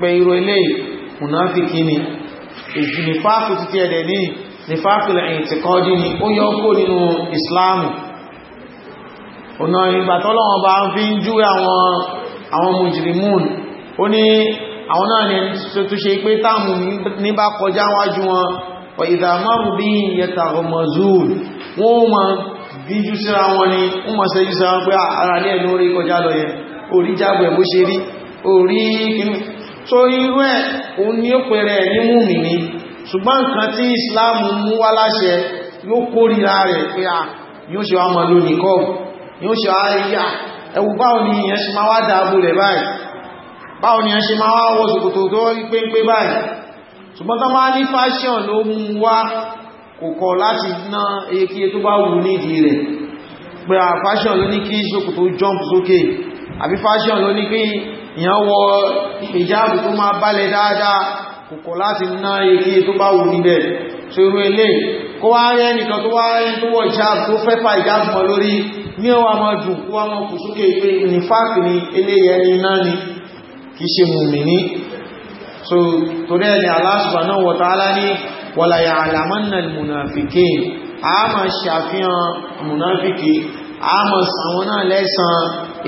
pé irú eléyìí mùnáfíkì ni èjì nífàákù títí ẹ̀dẹ̀ ní nífàákù lẹ́yìn tí kan dí ni ó yọ kó nínú ìsìláàmù ọ̀nà ìgbà tọ́lọ́wọ́n bá ń fi ń jú àwọn àwọn ó ní àwọn náà ni tó ṣe pé táàmù ní bá kọjá wájú wọn wa idha maru bihim yataghmazun wọ́n ma díjú síra wọn ni wọ́n ma ṣẹ́jú síra wọn pé ah, ara ní ẹ̀lú orí kọjá lọ yẹn orí jágbẹ̀ bó ṣe rí orí kìnnìkan so irú ẹ̀ òun ni ó pèrè ẹ̀ ní mùmìnì ṣùgbọ́n nǹkan tí Islam mú wá láṣẹ yóò kórìíra rẹ̀ pé à yóò ṣe wá mọ̀ lónìí kọ́ yóò ṣe wá yà ẹwù báwo ni ìyẹn ṣe máa wá dáàbò rẹ̀ báyìí báwo ni ìyẹn ṣe máa wá wọ fashion ló mú wá kò kọ̀ láti ná eke tó bá wù nídìí rẹ̀ fashion ló ní ìyàn wọ ìjáàbù tó máa bálẹ̀ dáadáa kòkò láti ná ike tó bá wù níbẹ̀ tó irú ilé kó wá rẹ́ nìkan tó wá rẹ́ tó wọ ìjáàbù tó fẹ́ fà ìjáàbù lórí ní ọwà mọ́ jù kó wá mọ́ kù pé ní fáàkì ni eléyẹ ni iná ni kì í ṣe mùmìní so tó ni wala ya'lamanna al-munafiqin a ma ṣàfihàn mùnàfikì a ma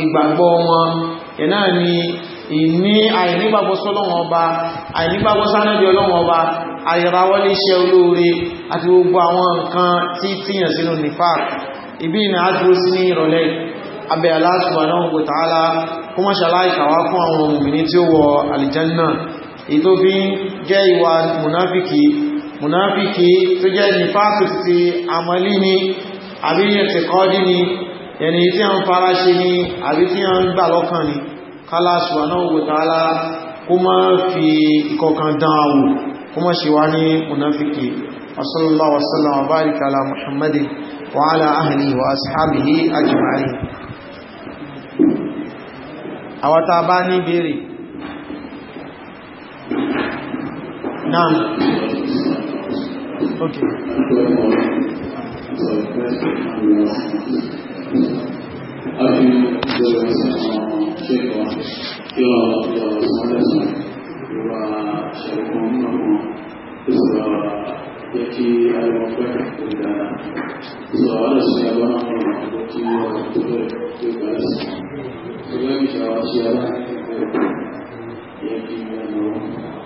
ìgbàgbọ́ wọn iná ni ìní àìnígbàgbọ́ sọ́lọ́wọ́ ọba àìnígbàgbọ́ sánẹ́bí ọlọ́wọ́ ọba àìrawọ́lé iṣẹ́ olóore àti gbogbo àwọn nǹkan tí tíyàn sínú nìfà ìbí ìnà àdúró sí ní ìrọ̀lẹ́ abẹ́ Allah subhanahu wa ta'ala kó mọ́ ṣàláì kàwá fún àwọn òmìnir tí ó wọ àlìjánná èyí tó fi ni àbí tí a ń fara ṣe ni àbí tí a ń gbà lọ́kàn ni kálá subhanahu wa ta'ala kó má fi ìkọkàn dán àwò kó má ṣe wá ní munafiki wasallallahu wasallam wa barika ala muhammadin wa ala ahlihi wa ashabihi ajma'in àwọ́ta bá ní bèèrè náà ok Thank you. အပြင်ဒီလိုဆက်ဖြစ်သွားပြောတော့ဆက်လက်ဆက်ဒီမှာရှင်ဘုံမှာဒီလိုဒီကိအရောပတ်တဲ့ဒါဆိုတော့ဆရာတော်ကဒီလိုတူတယ်ဒီကစားဒီလိုမျိုးဆရာတော်ကဒီကိအရော